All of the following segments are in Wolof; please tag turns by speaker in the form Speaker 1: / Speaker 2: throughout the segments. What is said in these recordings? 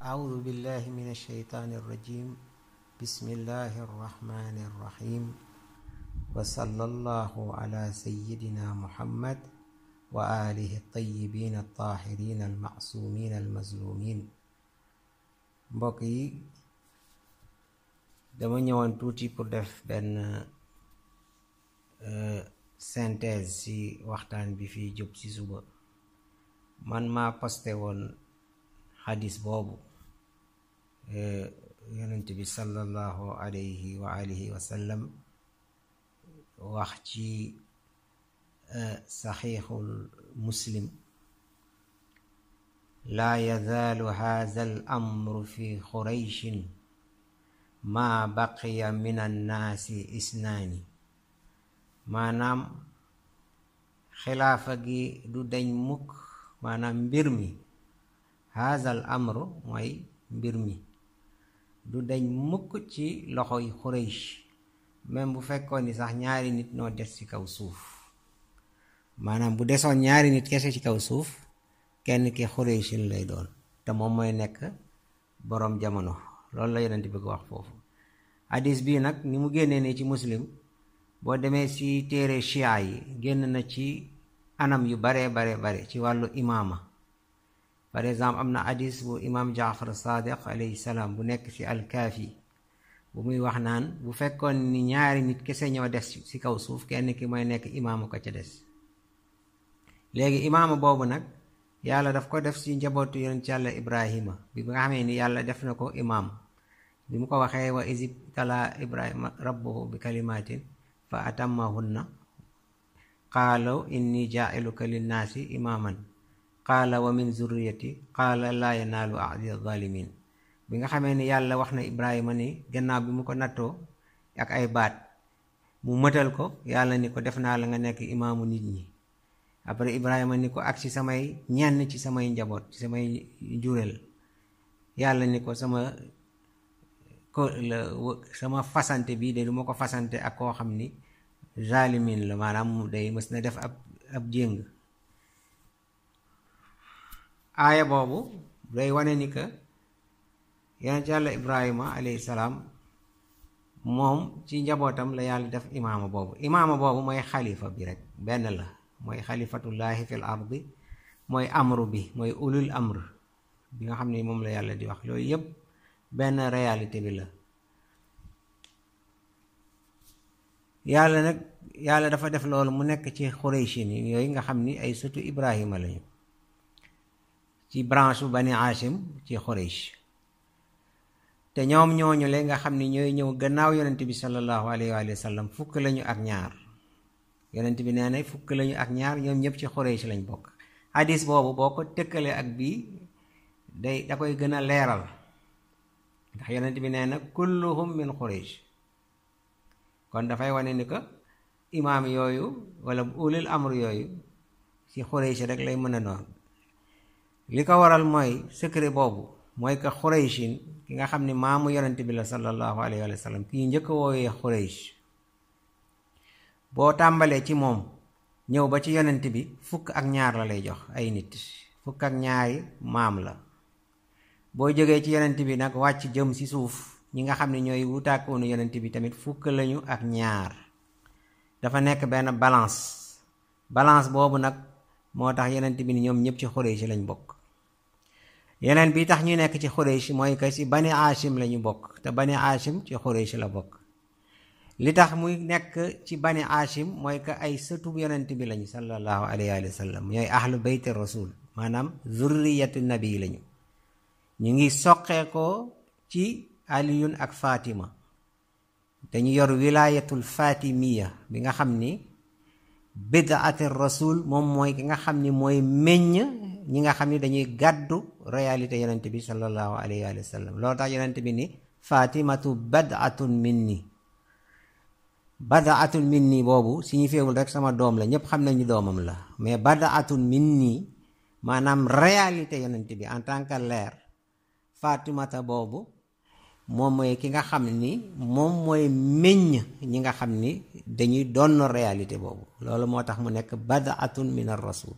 Speaker 1: أعوذ بالله من الشيطان الرجيم بسم الله الرحمن الرحيم وصلى الله على سيدنا محمد وآله الطيبين الطاهرين المعصومين المظلومين بقي yi dama توتي tuuti pour def benn euh, synthèse ci waxtaan bi fii jub ci suba man maa posté woon يونس بي صلى الله عليه وآله وسلم وحجي صحيح المسلم لا يزال هذا الأمر في قريش ما بقي من الناس إسناني ما نام خلافه دو دنج موك ما نام برمي هذا الأمر ماي برمي du deñ mukk ci loxo yi Xuraysh même bu fekkoon ni sax ñaari nit noo des ci kaw suuf maanaam bu desoon ñaari nit kese ci kaw suuf kenn ki Xuraysh lay doon te moom mooy nekk boroom jamono loolu la yonent bëgg wax foofu hadis bii nag ni mu génnee ne ci muslim boo demee ci téere chia yi génn na ci anam yu bare bare bare ci wàllu imaama par exemple am na hadis bu imaam jaafar sadiq alayhi salaam bu nekk ci alkaafi bu muy wax naan bu fekkoon ni ñaari nit kese ñoo des ci kaw suuf kenn ki mooy nekk imaamu ko ca des léegi imaamu boobu nag yàlla daf ko def ci njabootu yonent yàlla ibrahima bi nga xamee ni yàlla def na ko imaam bi mu ko waxee wa isib tala ibrahima rabbuhu bi kalimaatin fa atammahunna qaalu inni jaa'iluka linnaasi imaaman qaala wa min zurriyati qaala laa yanaalu ahdi zalimin bi nga xamee ni yàlla wax na ibrahima ni gannaaw bi mu ko nattoo ak ay baat mu mëtal ko yàlla ni ko def naa la nga nekk imaamu nit ñi après ibrahima ni ko ak ci samay ñenn ci samay njaboot ci samay njureel yàlla ni ko sama ko sama fasante bii de du ma ko fasante ak koo xam ni zalimin la maanaam day mës na def ab ab jéng aaya boobu day wane ni que yonent yàlla ibrahima alay salaam moom ci njabootam la yàlla def imaama boobu imaama boobu mooy xalifa bi rek benn la mooy xalifatullaahi fil ardi mooy amru bi mooy ulul amr bi nga xam ne moom la yàlla di wax loolu yépp benn réalité bi la yàlla nag yàlla dafa def loolu mu nekk ci xurayshi ni yooyu nga xam ni ay sëtu ibrahima lañu ci branche bu bani Hachim ci Xuraysh te ñoom ñooñu le nga xam ni ñooy ñëw gannaaw yonent bi sallallahu alayhi wa sallam fukk lañu ak ñaar yonent bi nee na fukk lañu ak ñaar ñoom ñëpp ci Xuraysh lañ bokk hadis boobu boo ko tëkkalee ak bii day da koy gën a leeral ndax yonent bi nee nag kulluhum min Xuraysh kon dafay wane ni ko imaam yooyu wala ulil amru yooyu ci Xuraysh rek lay mën a doon li ko waral mooy secret boobu mooy que xuraychin ki nga xam ne maamu yonent bi la sallallahu alayhi wa sallam kii njëkk woowee xuraysh boo tàmbalee ci moom ñëw ba ci yonent bi fukk ak ñaar la jox ay nit fukk ak ñaari maam la boo jógee ci yonent bi nag wàcc jëm si suuf ñi nga xam ne ñooy wutaakoonu yonent bi tamit fukk lañu ak ñaar dafa nekk benn balance balance boobu nag moo tax yonent bi ni ñoom ñëpp ci xuraysh lañ bokk yeneen bi tax ñu nekk ci xureesh mooy que si bani aashim lañu bokk te bani aashim ci xureesh la bokk li tax muy nekk ci bani aashim mooy que ay sëtub yonent bi lañu sallallahu alayhi wa sallam ñooy ahlu beyti rasul maanaam zurriyatu nabi lañu ñu ngi soqeekoo ci aliyun ak fatima dañu yor wilayatul fatimiya bi nga xam ni bidaati rasul moom mooy ki nga xam ni mooy meññ ñi nga xam ni dañuy gàddu réalité yonent bi sallallahu alayhi wa sallam loolu tax yonent bi ni fatimatu badatun minni badaatun minni boobu signifiewul rek sama Dom la ñëpp xam nañu domam la mais badaatun minni maanaam réalité yonent bi en tant que leer fatimata boobu moom mooy ki nga xam ni moom mooy meññ ñi nga xam ni dañuy don réalité boobu loolu moo tax mu nekk badaatun min rasul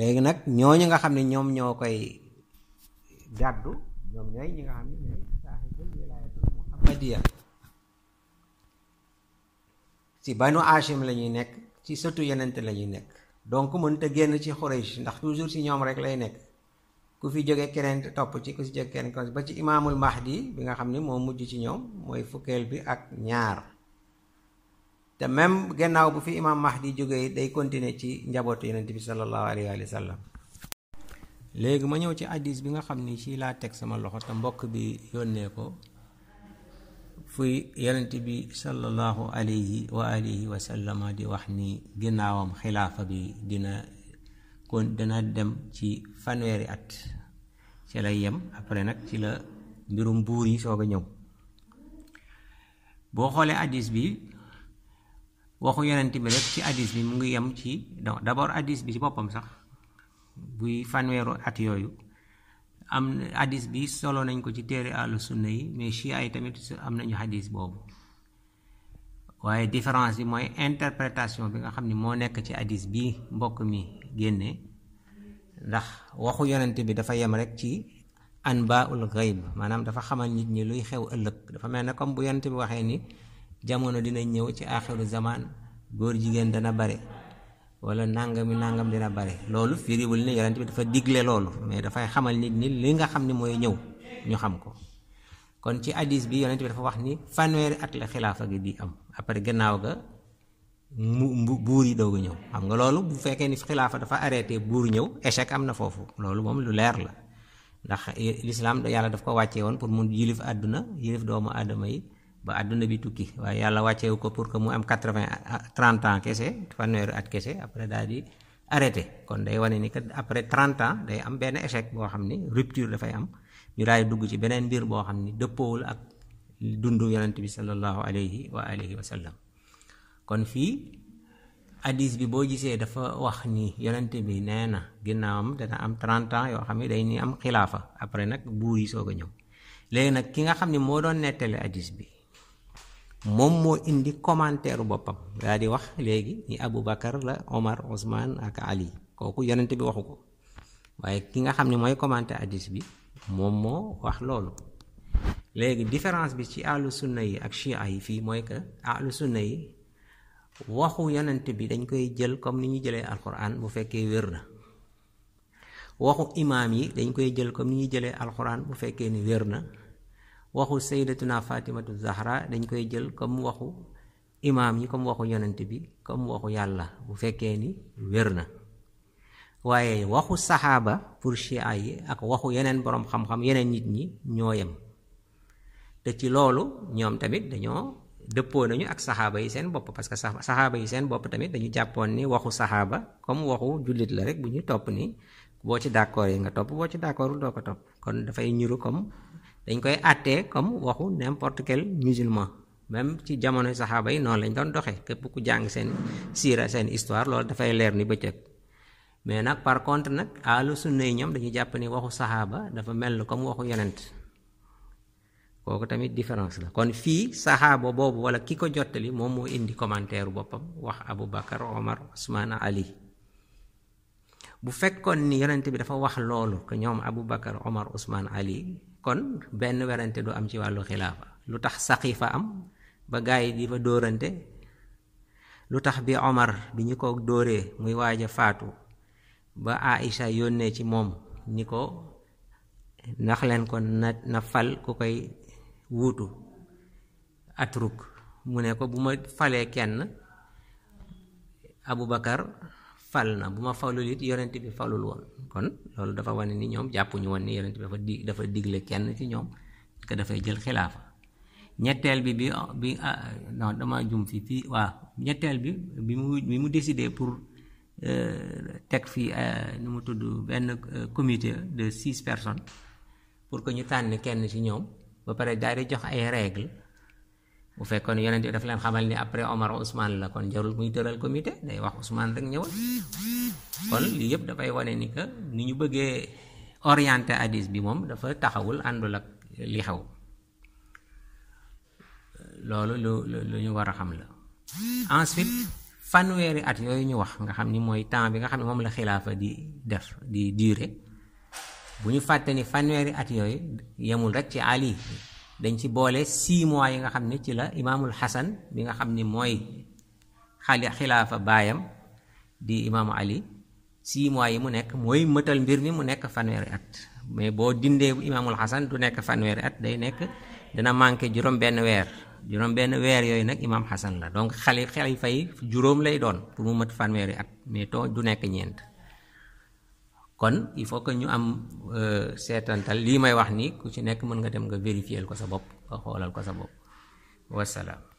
Speaker 1: léegi nag ñooñu nga xam ni ñoom ñoo koy gàddu ñoom si banu asim la ñuy nekk ci sëtu yenente la ñuy nekk donc mën te génn ci Xuraysh ndax toujours ci ñoom rek lay nekk ku fi jóge keneen topp ci ku si jóge keneen ba ci imaamul mahdi bi nga xam ni moo mujj ci ñoom mooy fukkeel bi ak ñaar te même gannaaw bu fi imaam Mahdi jógee day continuer ci njabootu yonent bi sallallahu alayhi wa sallam léegi ma ñëw ci addis bi nga xam ni ci laa teg sama loxo te mbokk bi yónnee ko fuy yonent bi sallallahu alayhi wa alihi wa sallama di wax ni ginnaawam xilaafa bi dina kon dina dem ci fanweeri at ci la yem après nag ci la mbirum buur yi soog a ñëw boo xoolee hadis bi waxu yonent bi rek ci hadis bi mu ngi yem ci donc d'abord hadis bi ci boppam sax buy fanweeru at yooyu am hadis bi solo nañ ko ci téere àllu sunna yi mais chi ay tamit am nañu hadis boobu waaye différence yi mooy interprétation bi nga xam ni moo nekk ci hadis bi mbokk mi génne ndax waxu yonent bi dafa yem rek ci baa anbaul ghaib maanaam dafa xamal nit ñi luy xew ëllëg dafa mel ne comme bu yonent bi waxee ni jamono dina ñëw ci akhiru zaman góor jigéen dana bare wala nangami nangam dina bare loolu firiwul ni yonent bi dafa digle lolu mais dafay xamal nit ni li nga xam ni mooy ñëw ñu xam ko kon ci hadis bi yonent bi dafa wax ni fanweeri at la xilaafa gi di am après gannaaw ga mu buur yi doog ñëw xam nga loolu bu fekkee ni xilaafa dafa arrêté buur ñëw échec am na foofu loolu moom lu leer la ndax da eh, yàlla daf ko wàccee woon pour mun yilif aduna yilif doomu aadama yi ba àdduna bi tukki waaye yàlla wàcceewu ko pour que mu am quatre vingt ans kese fanweeri at kese après daal di arrêté kon day wane ni que après trente ans day am benn échec boo xam ni rupture dafay am ñu daal di dugg ci beneen mbir boo xam ni ak dundu yonent bi sallallahu alayhi wa alihi wa sallam kon fii hadis bi boo gisee dafa wax ni yonent bi nee na dana am trente ans yoo xam day ni am khilafa après nag buur yi soog a ñëw léegi nag ki nga xam ne doon bi moom moo indi commentaire boppam daa di wax léegi ni Abu Bakar la Omar Ousmane ak Ali kooku yonent bi waxu ko waaye ki nga xam ni mooy commenté hadis bi moom moo wax loolu léegi différence bi ci ahlu sunna yi ak chia yi fii mooy que ahlu sunna yi waxu yonent bi dañ koy jël comme ni ñu jëlee alquran bu fekkee wér na waxu imaam yi dañ koy jël comme ni ñu jëlee alquran bu fekkee ni wér na waxu sayyidatuna fatimatu zahra dañ koy jël comme waxu imaam yi comme waxu yonent bi comme waxu yàlla bu fekkee ni wér na waaye waxu saxaaba pour ay yi ak waxu yeneen boroom xam-xam yeneen nit ñi ñoo yem te ci loolu ñoom tamit dañoo dëppoo nañu ak saxaaba yi seen bopp parce que saxaaba yi seen bopp tamit dañu jàppoon ni waxu saxaaba comme waxu jullit la rek bu ñu topp ni boo ci d'accord nga topp boo ci d'accordul doo ko topp kon dafay ñuru comme dañ koy kamu comme waxu n'importe quel musulman même ci jamono saxaaba yi noonu lañ doon doxee képp ku jàng seen siira seen histoire loolu dafay leer ni bëccëg mais nag par contre nag ahlu sunna yi ñoom dañu jàpp ni waxu sahaba dafa mel comme waxu yonent tamit différence la kon fi saxaaba bobu wala kiko ko jottali moom indi commentaire bopam wax abu bakar omar osman ali bu fekkoon ni yonent bi dafa wax loolu abu bakar omar osman ali kon ben werante du am ci wàllu xilaafa lu saqifa am ba gaay yi di fa dóorante lu bi omar bi ñu ko dóoree muy waaja faatu ba aïcha yónnee ci moom ni ko nax leen ko na na fal ku koy wuutu atruk mu ne ko buma ma falee kenn abubakar fal na bu ma falul it yonent bi falul woon kon loolu dafa wane ni ñoom jàppuñu woon ni yonent bi dafa di dafa digle kenn ci ñoom que dafay jël xilaafa ñetteel bi bi bi ah, non dama jum fi fii waa ñetteel bi bi mu bi mu décidé pour euh, teg fii euh, nu mu tudd benn euh, comité de six personnes pour que ñu tànn kenn ci ñoom ba pare daal di jox ay règles bu fekkoon yonent iya bi daf leen xamal ni après Omar Ousmane la kon jarul muy tëral comité day wax Ousmane rek kon lii yëpp dafay wane ni que ni ñu bëggee orienté hadis bi moom dafa taxawul àndul ak li xew loolu lu lu ñu war a xam la ensuite fanweeri at yooyu ñu wax nga xam ni mooy temps bi nga xam ne moom la xilaafa di def di durée bu ñu fàtte ni fanweeri at yooyu yemul rek ci Ali dañ ci boole six mois yi nga xam ne ci la imaamul xasan bi nga xam ni mooy xali xilaafa baayam di imaamu ali six mois yi mu nekk mooy mëtal mbir mi mu nekk fanweeri at mais boo dindee imaamul xasan du nekk fanweeri at day nekk dana manqué juróom benn weer juróom benn weer yooyu nag imaam xasan la donc xali xalifa fay juróom lay doon pour mu mët fanweeri at mais to du nekk ñeent kon il faut que ñu am euh, seetantal lii may wax ni ku ci nekk mën nga dem nga vérifier ko sa bopp nga xoolal ko sa bopp